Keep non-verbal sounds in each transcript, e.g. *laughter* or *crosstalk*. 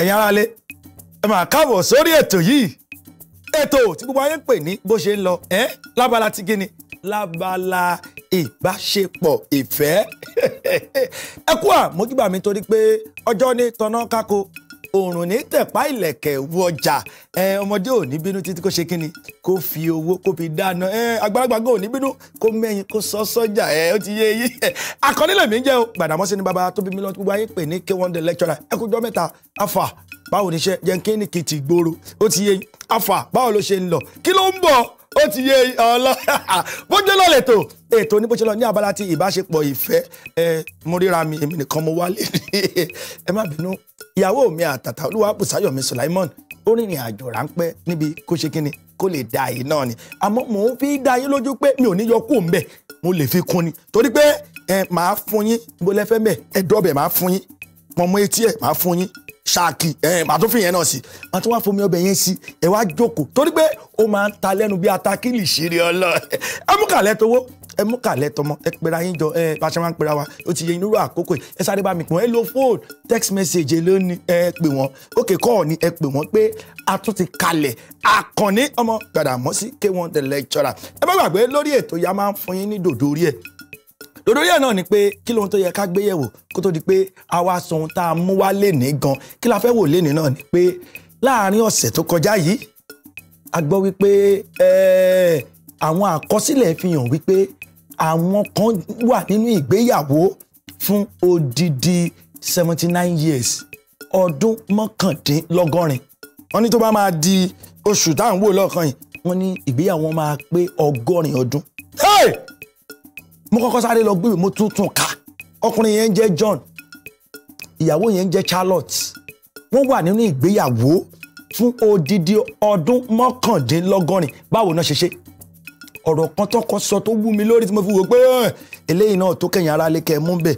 ẹ̀yin aráalé ẹ máa káàbọ̀ sórí ètò yìí ètò tí gbogbo ayé ń pè ní bó ṣe ń lọ ẹ́ lábala ti gíní lábala ìbáṣepọ̀ ìfẹ́ *laughs* ẹ kú àmójúbà mi torí pé ọjọ́ ní tanná kákó òrùn ní tẹ̀pá ìlẹ̀kẹ̀ wọ ọjà ọmọdé ò ní bínú títí kó ṣe kí ni kó fi owó kó fi dáná àgbàlagbà gan ò ní bínú kó mẹ́yìn kó sọ sọ́jà ó ti yé yí. àkọ́ni lèmi jẹ́ o Gbàdámọ́sí ni bàbá tó bí mílíọ̀nù gbogbo ayé pè ní K1 the lecturer ẹ kú jọ́ mẹ́ta afa báwo ni iṣẹ́ jẹ́ kí ni kìtì gbòòrò ó ti yé afa báwo ló ṣe ń lọ kí ló ń bọ̀ ó ti yé ọlọ *laughs* bójú lọ lẹtọ ètò ní bó ṣe lọ ní abala ti ìbáṣepọ̀ ìfẹ́ ẹ mo ríra mi èmi nìkan mo wálé *laughs* ẹ má bínú ìyàwó mi àtàtà olúwa bùsáyọ̀mí sulaimon ó rìnrìn àjò ráńpẹ́ níbi kó ṣe kínni kó lè da yìí náà ni àmọ́ mò ń fi dá yín lójú pé mi ò ní yọ kó ń bẹ̀ mo lè fi kún ni torí pé ẹ màá fún yín bó lẹ́fẹ́ mẹ́ ẹ dọ́bẹ̀ màá fún yín pọnmọ́ etí ẹ̀ màá fún yín ṣáàkì ẹ̀ màá tó náà sí màá tó wá fomi ọbẹ̀ yẹn sí ẹ̀ wá jókòó torí pé ó máa ń ta lẹ́nu bí atakílì ṣeré ọlọ ẹ mú kàlẹ́ tówó ẹ mú kàlẹ́ tọmọ ẹ pera yín jọ ẹ bá ṣe máa ń pera wa ó ti yẹ inú rú àkókò ẹ sáré bá mi pọ̀ ẹ lo phone text message ló ẹ pè wọ́n òkè kọ́ ni ẹ pè wọ́n pé a tún ti kalẹ̀ àkànní ọmọ gbàdàmọ́sí k1 the lecturer ẹ bá gbàgbé lórí ètò yà máa ń fún yín ní dòdò orí ẹ̀ lórí ẹ̀ náà ni pé kí lóhun tó yẹ ká gbé yẹ̀wò kó tó di pé a wá sọ ohun tá a mú wá lénìí gan kí la fẹ́ wò lénìí náà ni pé láàárín ọ̀sẹ̀ tó kọjá yìí a gbọ́ wípé àwọn àkọsílẹ̀ fi hàn wípé àwọn kan wà nínú ìgbéyàwó fún odidi seventy nine years ọdún mọ́kàndínlọ́gọ́rin wọ́n ní tó bá máa di oṣù táwọn wò lọ́ọ̀kan yìí wọ́n ní ìgbéyàwó máa pé ọgọ́rin ọdún mo kọ́kọ́ sáré lọ gbé mo tún ká ọkùnrin yẹn ń jẹ́ John ìyàwó yẹn ń jẹ́ Charlotte wọ́n wà nínú ìgbéyàwó fún odidi ọdún mọ́kàndínlọ́gọ́rin báwo náà ṣe ṣe ọ̀rọ̀ kan tó kọ sọ tó wú mi lórí tí mo fi wò pé eléyìí náà tó kẹ̀yìn ara lè kẹ́ mú bẹ̀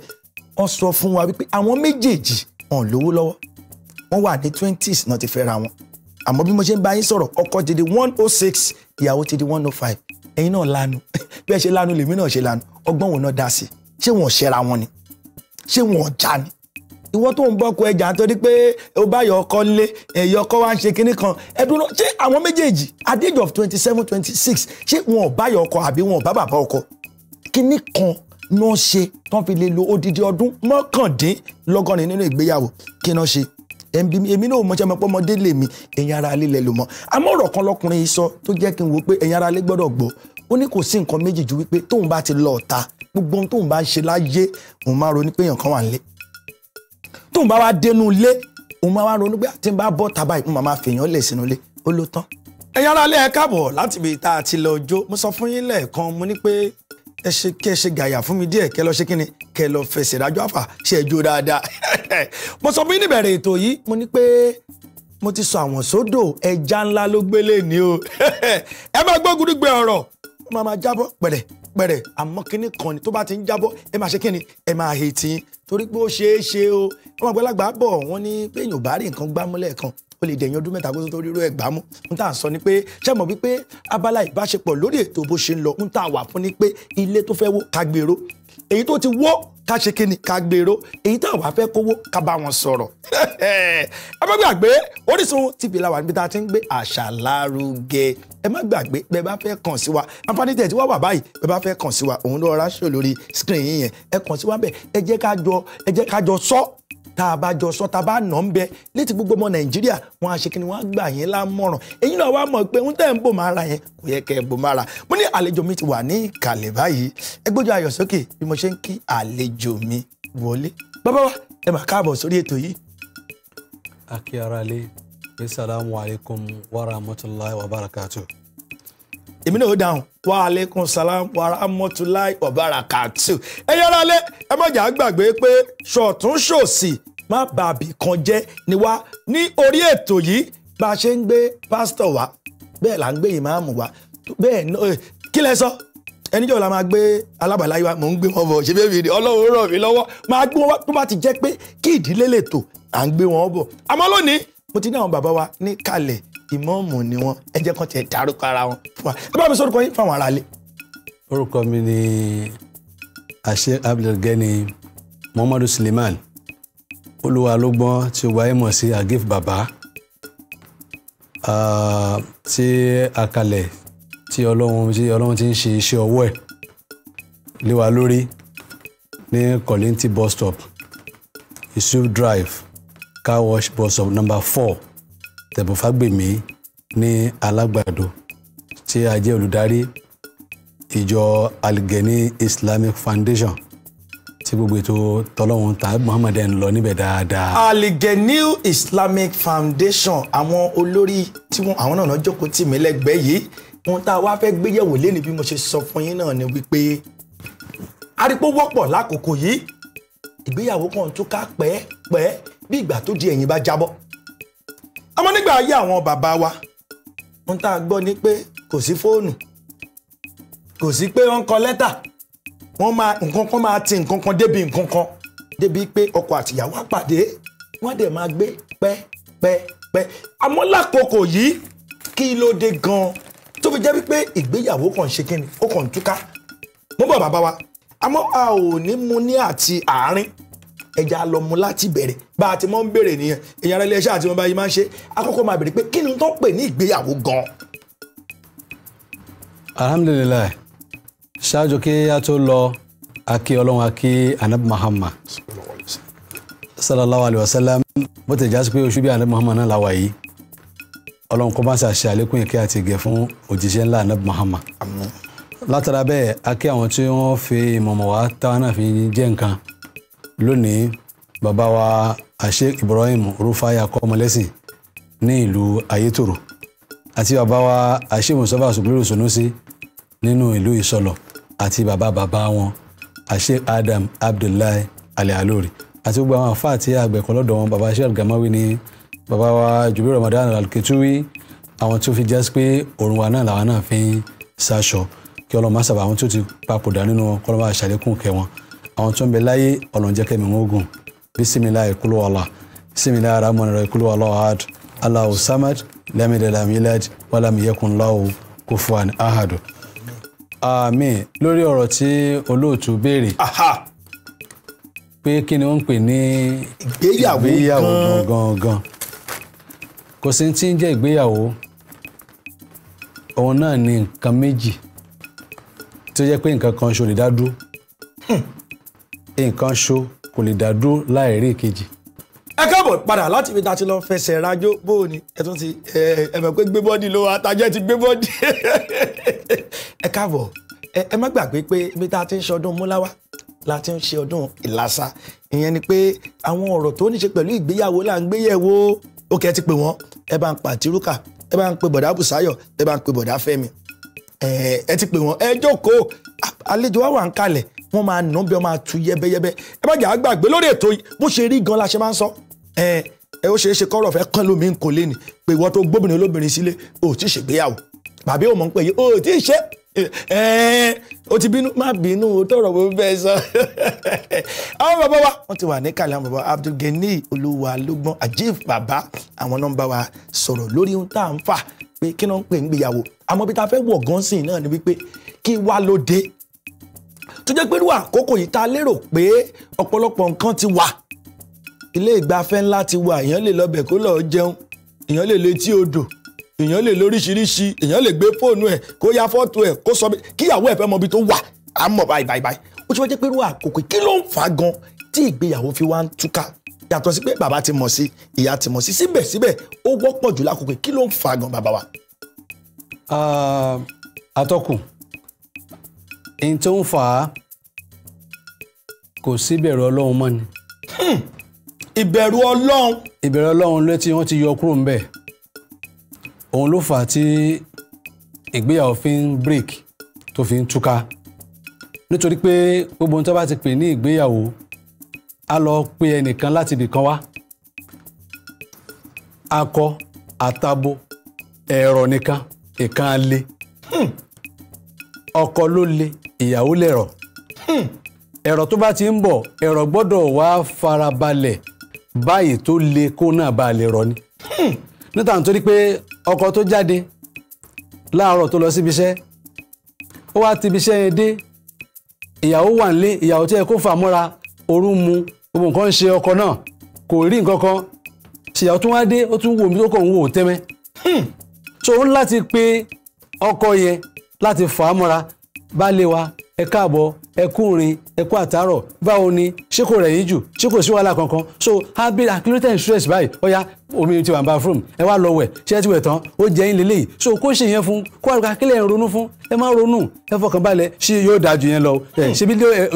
wọ́n sọ fún wa wípé àwọn méjèèjì wọn lówó lọ́wọ́ wọ́n wà ní twenties náà ti fẹ́ra wọn àmọ́ bí mo ṣe ń bá yín sọ̀rọ̀ ọkọ ti di one oh six ìyàwó ti di one oh five ẹ̀yin náà lanu bí ẹ ṣe lanu lèmi náà ṣe lanu ọgbọ́n wo náà dá sí ṣé wọn ṣẹra wọn ni ṣé wọn já ni ìwọ tó ń bọ́kọ ẹja nítorí pé o bá yọ ọkọ lé èyí ọkọ wa ń ṣe kinní kan ẹdùn ṣé àwọn méjèèjì at the age of twenty seven twenty six ṣé wọn ò bá yọ ọkọ àbí wọn ò bá bàbá ọkọ kinní kan náà ṣe tán fi lè lo odidi ọdún mọ́kàndínlọ́gọ́rin nínú ìgbéyàwó kí ṣe èmi náà mọ̀ ṣe mọ̀ pé ọmọdé lè mi ẹ̀yin ara alẹ́ lẹ lò mọ́ àmọ́ ọ̀rọ̀ kan lọkùnrin yìí sọ tó jẹ́ kí n wò pé ẹ̀yin ara alẹ́ gbọ́dọ̀ gbọ́ ó ní kò sí nǹkan méjì ju wípé tóun bá ti lọ ọ̀ta gbogbo ohun tóun bá ń ṣe láyé òun máa ronú pé èèyàn kan wà nílé tóun bá wá dénú ilé òun máa wá ronú pé àti ah, bá bọ́ tàbá ìpín màmá fèèyàn lè sínú ilé ó ló tán. ẹ̀yin ara alẹ́ ẹ káàbọ̀ láti ibi tá a ti lọ mo sọ fún yín lẹ́ẹ̀kan mo ní pé ẹ ṣe kẹ ṣe gàyà fún mi díẹ̀ kẹ lọ ṣe kíni kẹ lọ fẹsẹ̀ rájọ àfà ṣe ẹjọ́ dáadáa *laughs* mo sọ fún níbẹ̀rẹ̀ ètò yìí mo ní pé mo ti sọ àwọn sódò ẹja ńlá ló gbélé ni o *laughs* ẹ máa gbọ́ gúdúgbẹ ọ̀rọ̀ ó máa máa jábọ́ pẹ̀rẹ̀ pẹ̀rẹ̀ àmọ́ kíní kan ni tó bá ti ń jábọ́ ẹ máa ṣe kíni ẹ máa hètì torí pé ó ṣeé ṣe o ọmọ àgbàlagbà bọ̀ wọ́n ní pé èèyàn ò bá rí nǹkan gbámúlẹ̀ kan ó lè dẹ̀yìn ọdún mẹ́ta kó tó ríró ẹ̀gbá mú n tá à ń sọ ni pé ṣé mọ̀ wípé abala ìbáṣepọ̀ lórí ètò bó ṣe ń lọ n tá à wà fún ni pé ilé tó fẹ́ wó ká gbèrò èyí tó ti wó ká ṣe kí ni ká gbèrò èyí tá à wà fẹ́ kówó ká bá wọn sọ̀rọ̀ *laughs* ẹ má gbàgbé Orísun TV la wà níbi tá a ti ń gbé àṣà lárugẹ ẹ má gbàgbé bẹ́ẹ̀ bá fẹ́ kàn sí wa àǹfààní tẹ̀ tí wọ́n wà báyìí bẹ́ẹ̀ bá fẹ́ kàn sí wa òun ló rà ṣò lórí screen yìí yẹn ẹ kàn sí wa bẹ́ẹ̀ ẹ jẹ́ ká jọ ẹ jẹ́ ká jọ sọ tá a bá jọ sọ tá a bá nà ń bẹ létí gbogbo ọmọ nàìjíríà wọn àṣekínni wọn á gbà yín lámọ̀ràn èyí náà wàá mọ̀ pé ń tẹ̀ ń bò máa yẹn kò yẹ kẹ́ ẹ bò máa mo ní àlejò mi ti wà ní ìkàlẹ̀ báyìí ẹ gbójú ayọ̀ sókè bí mo ṣe ń kí àlejò mi wọlé bàbá wa ẹ mà káàbọ̀ sórí ètò yìí. akíyaralé assalamu alaikum warahmatullahi wabarakatuh èmi náà ó dáhùn wa aleykum salam wa rahmatulahi wa barakatu. ẹ yára lé ẹ má jà á gbàgbé pé ṣọ̀tún ṣòsì má bàbí kan jẹ́ ni wá ní orí ètò yìí bá a ṣe ń gbé pásítọ̀ wá bẹ́ẹ̀ là ń gbé ìmáàmù wá bẹ́ẹ̀ kí lẹ sọ ẹnijọ́ la máa gbé alábàáláyé wa mò ń gbé wọn bọ̀ ṣe bẹ́ẹ̀ fìdí ọlọ́run ràn mí lọ́wọ́ máa gbé wọn tó bá ti jẹ́ pé kí ìdílé lè tò à ń gbé wọn bọ̀ àmọ́ lónìí mo ti ní àwọn bàbá wa ní kalẹ̀ ìmọ̀ọ̀mù ni wọ́n ẹ jẹ́ tiẹ̀ dárúkọ ara wọn ẹ bá mi sọ́dúnkọ yín fáwọn aráalé. orúkọ mi ni àṣẹ abdulgani muhammadu suleiman olúwa ló tí ó wáyé mọ̀ sí agif baba ah, tí àkàlẹ̀ tí ọlọ́run tí ọlọ́run ti ń ṣe iṣẹ́ ọwọ́ ẹ̀ lé wa lórí ní kọ́lẹ́ntì bus stop yusuf drive car wash bus stop number four Tẹ̀bọ̀ Fágbèmí ní Alágbàdo tí a jẹ́ olùdarí ìjọ Aligẹni Islamic Foundation tí gbogbo ètò tọ́lọ́hún ta Muhammad ń lọ níbẹ̀ dáadáa. Aligẹni Islamic Foundation àwọn olórí tí wọn àwọn náà jókòó tì mí lẹ́gbẹ̀ẹ́ yìí ohun tá a wá fẹ́ gbéyẹ̀wò lẹ́nu bí mo ṣe sọ fún yín náà ni wípé arípò wọ́pọ̀ lákòókò yìí ìgbéyàwó kan tún ká pẹ́ẹ́pẹ́ẹ́ bí ìgbà tó di ẹ̀yìn bá jábọ́ àmọ́ nígbà ayé àwọn bàbá wa ohun tá a gbọ́ ni pé kò sí fóònù kò sí pé wọ́n ń kọ lẹ́tà wọ́n máa nǹkan kan máa ti nǹkan kan débi nǹkan kan débi pé ọkọ àtìyàwó àpàdé wọ́n dẹ̀ máa gbé pẹ́pẹ́pẹ́ àmọ́ lákòókò yìí kí ló dé gan-an tó fi jẹ́ wípé ìgbéyàwó kàn ṣe kíni ó kàn túká mo bọ̀ bàbá wa àmọ́ a ò ní mu ní àti àárín ẹja lọ mú láti bẹ̀rẹ̀ bá a ti mọ́ ń bèrè nìyẹn èyàn ara iléeṣẹ́ àti wọn bá yìí máa ń ṣe àkọ́kọ́ máa bèrè pé kí ni tó pè ní ìgbéyàwó gan. alhamdulilayi ṣáájú kí a tó lọ akí ọlọ́run akí anabi muhammad sallallahu alayhi wa sallam bó ti jásí pé oṣù bí anabi muhammad náà làwà yìí ọlọ́run kó bá ṣe àṣẹ àlékún ìkẹ́ àti ìgẹ̀ fún òjíṣẹ́ ńlá anabi muhammad látara bẹ́ẹ̀ akí àwọn tí wọ́n fi ìmọ̀mọ̀ wá táwọn náà fi jẹ́ nǹkan lónìí bàbá wa Sheikh Ibrahim Rufai Akọ́mọlẹ́sìn ní ìlú Ayétòrò àti bàbá wa Sheikh Mustafa Subrilu Sunusi nínú ìlú Ìsọlọ̀ àti bàbá bàbá wọn Sheikh Adam Abdullahi Ali Alori àti gbogbo àwọn àfáà àti àgbẹ̀kọ́ lọ́dọ̀ wọn bàbá Sheikh Gamawi ní bàbá wa Jubilu Ramadan Alkituwi àwọn tó fi jẹ́ pé òrùn wa náà làwọn náà fi ń sáṣọ kí ọlọ́mọ sábà àwọn tó ti papòdà nínú wọn àṣàlékún kẹwọn àwọn tó ń bẹ láyé ọlọ́run jẹ́ kẹ́mi wọn ogun bisimilayi kulwala bisimilayi arahamani rahi kulwala ahad alahu samad lamidalamilad walamiyakunlawo kufuwan ahadu. àmín lórí ọ̀rọ̀ tí olóòtú béèrè pé kí ni wọ́n ń pè ní ìgbéyàwó gangan kò sí tí ń jẹ́ ìgbéyàwó òun náà ni nǹkan méjì tó jẹ́ pé nǹkan kan ṣo dá dúró nǹkan ṣo kò lè dá dúró láì rí ìkejì. ẹ káàbọ̀ padà láti ibi tá a ti lọ fẹsẹ̀ rajó bóò ni ẹ tún ti ẹ mọ̀ pé gbé bọ́dì ló wa tajẹ́ ti gbé bọ́dì. *laughs* ẹ káàbọ̀ ẹ má gbàgbé pé ibi tá a ti ń ṣọdún múláwá la ti ń ṣe ọdún ìlàsà ìyẹn ni pé àwọn ọ̀rọ̀ tó ní ṣe pẹ̀lú ìgbéyàwó là ń gbéyẹ̀wò ó kẹ́ ti pè wọ́n ẹ bá ń pa àtirúkà ẹ bá ń pe bọ̀dá bùsáyọ̀ ẹ bá ń pe bọ̀dá fẹ́mi ẹ ti pè wọ́n ẹ jókòó àlejò wa wà ń kalẹ̀ wọ́n máa nà bí wọ́n máa tu yẹ́bẹ́yẹ́bẹ́ ẹ bá jà á gbàgbé lórí ètò yìí bó ṣe rí gan la ṣe máa ń sọ ẹ ẹ ó ṣeé ṣe kọ́rọ̀ fẹ́ kán lómi ń kò lé ni pé ìwọ tó gbóbìnrin olóbìnrin sílé ò tí ì ṣègbéyàwó bàbá ò mọ̀ ń pè yí ò tí ì ṣe ẹ ó ti bínú má bínú o tọrọ bó bẹ sọ *laughs* àwọn bàbá wa wọ́n ti wà ní kàlẹ́ àwọn bàbá Abdulgani olúwa lógbọ́n ajif bàbá àwọn náà wa sọ̀rọ̀ lórí ohun tá à ń fà pé kí náà ń pè ń gbéyàwó àmọ́ bí ta fẹ́ wọ̀ gan náà ni wípé kí wá ló tó jẹ́ pé ní àkókò yìí ta lérò pé ọ̀pọ̀lọpọ̀ nǹkan ti wà ilé ìgbafẹ́ ńlá ti wà èèyàn lè lọbẹ̀ kó lọ́ọ́ jẹun èèyàn lè létí odò èèyàn lè lóríṣiríṣi èèyàn lè gbé fóònù ẹ̀ kó ya fọ́tò ẹ̀ kó sọ bí kíyàwó ẹ̀ fẹ́ mọ ibi tó wà á mọ̀ báyìí báyìí báyìí ó ti wá jẹ́ pé irú àkókò kí ló ń fà á gan tí ìgbéyàwó fi wá ń túká yàtọ̀ sí pé bàbá ti mọ̀ sí ìyá ti mọ̀ sí síbẹ̀síbẹ̀ ó wọ́pọ̀ jù lákòókò kí ló ń fà gan bàbá wa. Ah, atọ́kùn n tó ń fà á kò sí ìbẹ̀rù ọlọ́run mọ́ ni. Hmm. ìbẹ̀rù ọlọ́run. ìbẹ̀rù ọlọ́run létí wọ́n ti yọ kúrò ń bẹ̀ òun ló fà á tí ìgbéyàwó fi ń break tó fi ń túká nítorí pé gbogbo ohun tó bá ti pè ní ìgbéyàwó a lọ pe ẹnìkan láti ibìkan wá akọ àtabo ẹ̀rọ nìkan ìkan lé hmm. ọkọ ló lé ìyàwó lẹ̀rọ̀ hmm. ẹ̀rọ̀ tó bá ti ń bọ̀ ẹ̀rọ̀ gbọ́dọ̀ wá farabalẹ̀ báyìí tó le kó náà bá a lè rọ ni hmm. níta nítorí pé ọkọ tó jáde láàárọ̀ tó lọ síbi iṣẹ́ ó wá ti ibi iṣẹ́ yẹn dé ìyàwó wà nílé ìyàwó tí ẹ kó fà mọ́ra oorun mu gbogbo nǹkan ń ṣe ọkọ náà kò rí nǹkan kan ṣìyàwó tó wá dé ó tún wò mí tó kàn ń wò tẹ́mẹ́ hmm. so ó ń láti pe ọkọ yẹn láti fà á mọ́ra baálé wa ẹ káàbọ̀ ẹ kúrin ẹ kú àtàárọ̀ báwo ni ṣé kò rẹ̀ yín jù ṣé kò sí wàhálà kankan so a bí accumulated stress báyìí ọ̀ya omi ti wà ní bathroom ẹ wá lọ wẹ̀ ṣé ẹ ti wẹ̀ tán ó jẹ́ yín lélẹ́yìí so kó ṣe yẹn fún kó àrùkà kílẹ̀ ń ronú fún ẹ má ronú ẹ fọkàn balẹ̀ ṣé yóò dáa jù yẹn lọ ẹ ṣe bí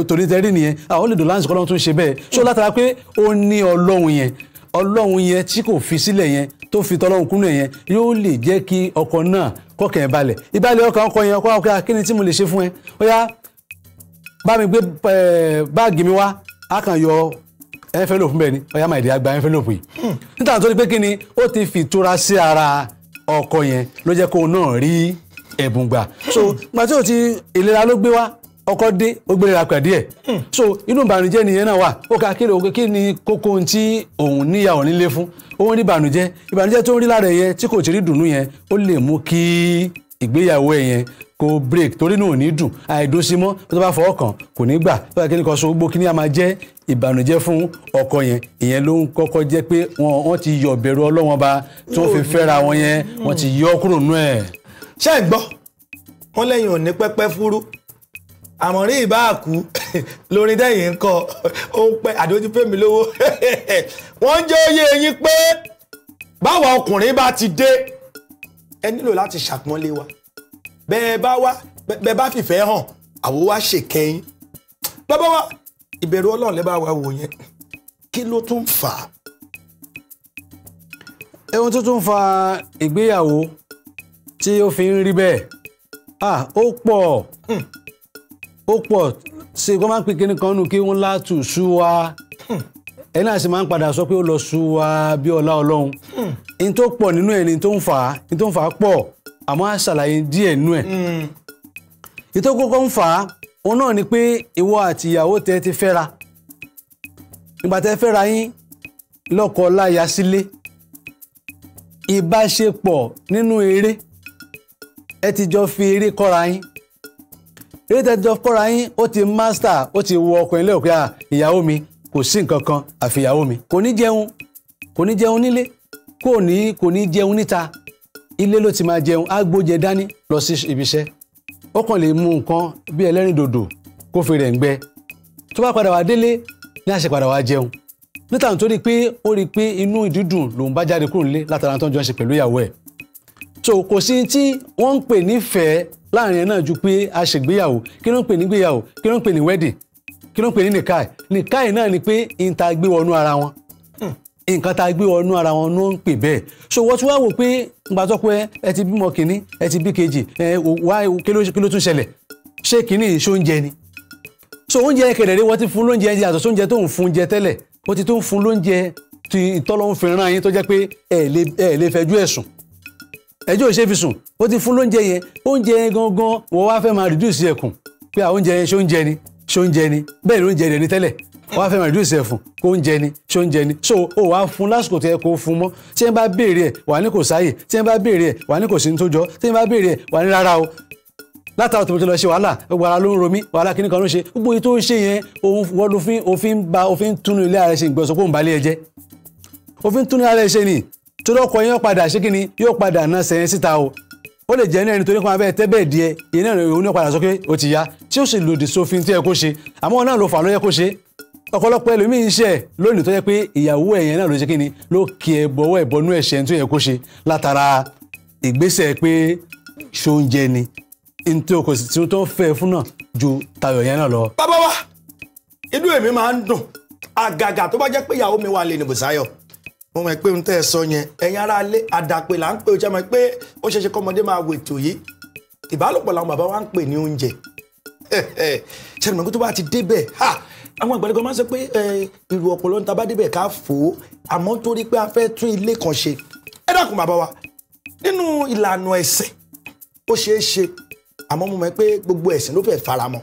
tòní nìyẹn àwọn olùdó láǹsì kọ́lọ́ tún ṣe bẹ́ẹ̀ so látara pé ó ní ọlọ́run yẹn ọlọ́run yẹn tí kò fi sílẹ̀ yẹn tó fi tọ́lọ́run kúnlẹ̀ yẹn yóò lè jẹ́ kí ọkọ náà kọ́kẹ́ balẹ̀ ìbálẹ̀ ọkàn ọkọ yẹn ọkọ ọkọ akíni tí mo lè ṣe fún ẹ ó yá bá mi gbé báàgì mi wá á kàn yọ ẹnfẹlópù bẹ́ẹ̀ ni ó yá máa ìdí àgbà yìí hmm. níta tó ní pé kí ni ó ti fi ìtura sí ara ọkọ yẹn ló jẹ́ kó náà rí ẹ̀bùn gbà so gbàtí ò ti ìlera ló gbé wá ọkọ dé ó gbére ra pẹ̀lú ẹ̀ hmm. so inú ìbànújẹ́ nìyẹn náà wà ó ká kí ni kí ni kókó ohun tí òun níyà òun nílé fún òun ní ìbànújẹ́ ìbànújẹ́ tó ń rí lára ẹ̀ yẹn tí kò ti rí dùnú yẹn ó lè mú kí ìgbéyàwó ẹ̀ yẹn kò break torí náà ò ní dùn àìdóṣímọ́ tó bá fọwọ́ kàn kò ní gbà tó bá kíni kan so gbó kíní a máa jẹ́ ìbànújẹ́ fún ọkọ yẹn ìyẹn ló ń kọ́kọ́ jẹ́ pé wọ́n ti yọ bẹ̀rù ọlọ́wọ́n ba tí wọ́n fi oh, fẹ́ra wọn yẹn wọ́n ti yọ kúrò nú ẹ̀. ṣé ẹ gbọ́ wọn lẹ́yìn òní pẹ́pẹ́ fúrú àmọ̀rí ìbáàkú lórin dẹ́yìn ń kọ ó pẹ́ àdójú fèmí lówó wọ́n ń jẹ́ oyè yín pé báwa ọkùnrin bá ti dé ẹ nílò láti ṣàpọ́nlé wa bẹ́ẹ̀ bá wá bẹ́ẹ̀ bá fìfẹ́ hàn àwo wá ṣèkẹ́yìn bàbá wa ìbẹ̀rù ọlọ́run lẹ́bàá wa wò yẹn kí ló tún fà á. ohun tó tún fa ìgbéyàwó tí ó fi ń rí bẹ́ẹ̀ ó pọ̀. Hmm ó pọ̀ ṣe kó máa ń pè kíní kan nù kí wọ́n látù sú wa ẹni àti máa ń padà sọ pé ó lọ sú wa bí ọlá ọlọ́run ní tó pọ̀ nínú ẹ̀ ní tó ń fà á ní tó ń fà á pọ̀ àmọ́ a ṣàlàyé díẹ̀ nínú ẹ̀ ní tó kọ́kọ́ ń fà á òun náà ni pé ìwọ àti ìyàwó tẹ ti fẹ́ra ìgbà tẹ fẹ́ra yín lọ́kọ láya sílé ìbáṣepọ̀ nínú eré ẹ ti jọ fi eré kọ́ra yín eré tẹ́tí jọ kọ́ra yín ó ti master ó ti wọ ọkùnrin lẹ́wọ̀ pé à ah, ìyàwó mi kò sí nǹkan kan àfi ìyàwó mi kò ní jẹun kò ní jẹun nílé kò ní kò ní jẹun níta ilé ló ti máa jẹun á gbóúnjẹ dání lọ sí ibi iṣẹ́ ó kàn lè mú nǹkan bí ẹlẹ́rìn dòdò kó fi rẹ̀ ń gbẹ tó bá padà wá délé ní àṣẹ padà wá jẹun níta nítorí pé ó rí i pé inú ìdídùn lòun bá jáde kúrò nílé látara tó ń jọ ṣe pẹ̀lú ìyàwó so kò sí tí wọ́n ń láàrin ẹ̀ náà ju pé a ṣègbéyàwó kí ló ń pè ní gbéyàwó kí ló ń pè ní wedding kí ló ń pè ní nìkáì nìkáì náà ni pé n gbé wọnú ara wọn hmm. nǹkan tá a gbé wọnú ara wọn ló ń pè bẹ́ẹ̀ so wọ́n ti wá wò pé ìgbà tó pé ẹ ti bímọ kínní ẹ ti bí kejì ẹ wá kí ló tún ṣẹlẹ̀ ṣé kínní ìṣó oúnjẹ ni so oúnjẹ kẹ̀dẹ̀rẹ́ wọ́n ti fún lóúnjẹ ẹ̀jẹ̀ àtọ̀sọ́ oúnjẹ tó ń fún jẹ tẹ́lẹ̀ ó ti tó fún lóúnjẹ tí ìtọ́lọ́ ń yín tó jẹ́ pé ẹ lè fẹjú ẹ̀sùn ẹjọ́ ò ṣe fi sùn ó ti fún lóúnjẹ yẹn oúnjẹ yẹn gangan wọ́n wá fẹ́ máa reduce ẹ̀kùn pé àwọn oúnjẹ yẹn ṣó ń jẹ ni ni bẹ́ẹ̀ ló ń jẹ rẹ̀ ní tẹ́lẹ̀ wọ́n á fẹ́ máa reduce ẹ̀fun kó ń jẹ ni ṣó ń jẹ ni so o wàá fún lásìkò tó yẹ kó fún mọ́ tí wọ́n bá béèrè ẹ̀ wà ní kò sáyè tí wọ́n bá béèrè ẹ̀ wà ní kò sí ní tó jọ tí wọ́n bá béèrè ẹ̀ wà ní rárá o látàwọn tòmítì lọ ṣe wàhálà gbogbo ara ló ń romí wàhálà kíní ló ń ṣe gbogbo èyí tó ń ṣe yẹn òun wọ́n ló fi òfin ba òfin túnú ilé ààrẹ ṣe ìgbọ̀nsọ̀ kó ń balẹ̀ ẹ jẹ́ òfin túnú ilé ààrẹ ṣe ni torí ọkọ yẹn yóò padà ṣé kíni yóò padà ná sẹ́yìn síta o ó lè jẹ́ ní ẹni tó ní kó máa bẹ́ẹ̀ tẹ́ bẹ́ẹ̀ díẹ̀ ìyẹn náà òun náà padà sọ pé ó ti ya tí ó sì lòdì sófin tí ẹ kó ṣe àmọ́ náà ló fà ló yẹ kó ṣe ọ̀pọ̀lọpọ̀ ẹlòmíín iṣẹ́ lónìí tó yẹ pé ìyàwó ẹ̀yẹn náà ló ṣe kíni ló kí ẹ bọ̀wọ́ ẹ̀ṣẹ̀ tó yẹ kó ṣe látara ìgbésẹ̀ pé ṣóúnjẹ ni ntí o kò sì tó fẹ́ fún náà ju tayọ̀ yẹn náà lọ. bàbá wa inú èmi máa ń dùn àgàgà tó bá jẹ́ pé ìyàwó mi wà lè nìbùsáyọ̀ mo mọ̀ pé ohun tẹ́ ẹ sọ yẹn ẹ̀yin ará ilé àdàpè là ń pè ó jẹ́ mọ̀ pé ó ṣeéṣe kọ́mọdé máa wò ètò yìí ìbálòpọ̀ làwọn bàbá wa ń pè ní oúnjẹ *laughs* ṣẹ́ni mọ̀ pé tó bá ti débẹ̀ ha àwọn àgbàlagbà máa ń sọ pé ìrù ọ̀pọ̀lọ́ ń ta bá débẹ̀ ká fò ó àmọ́ torí pé a fẹ́ tún ilé kan ṣe ẹ dákun bàbá wa nínú ìlànà ẹ̀sìn ó ṣeé àmọ́ mo mọ̀ pé gbogbo ẹ̀sìn ló fẹ́ faramọ́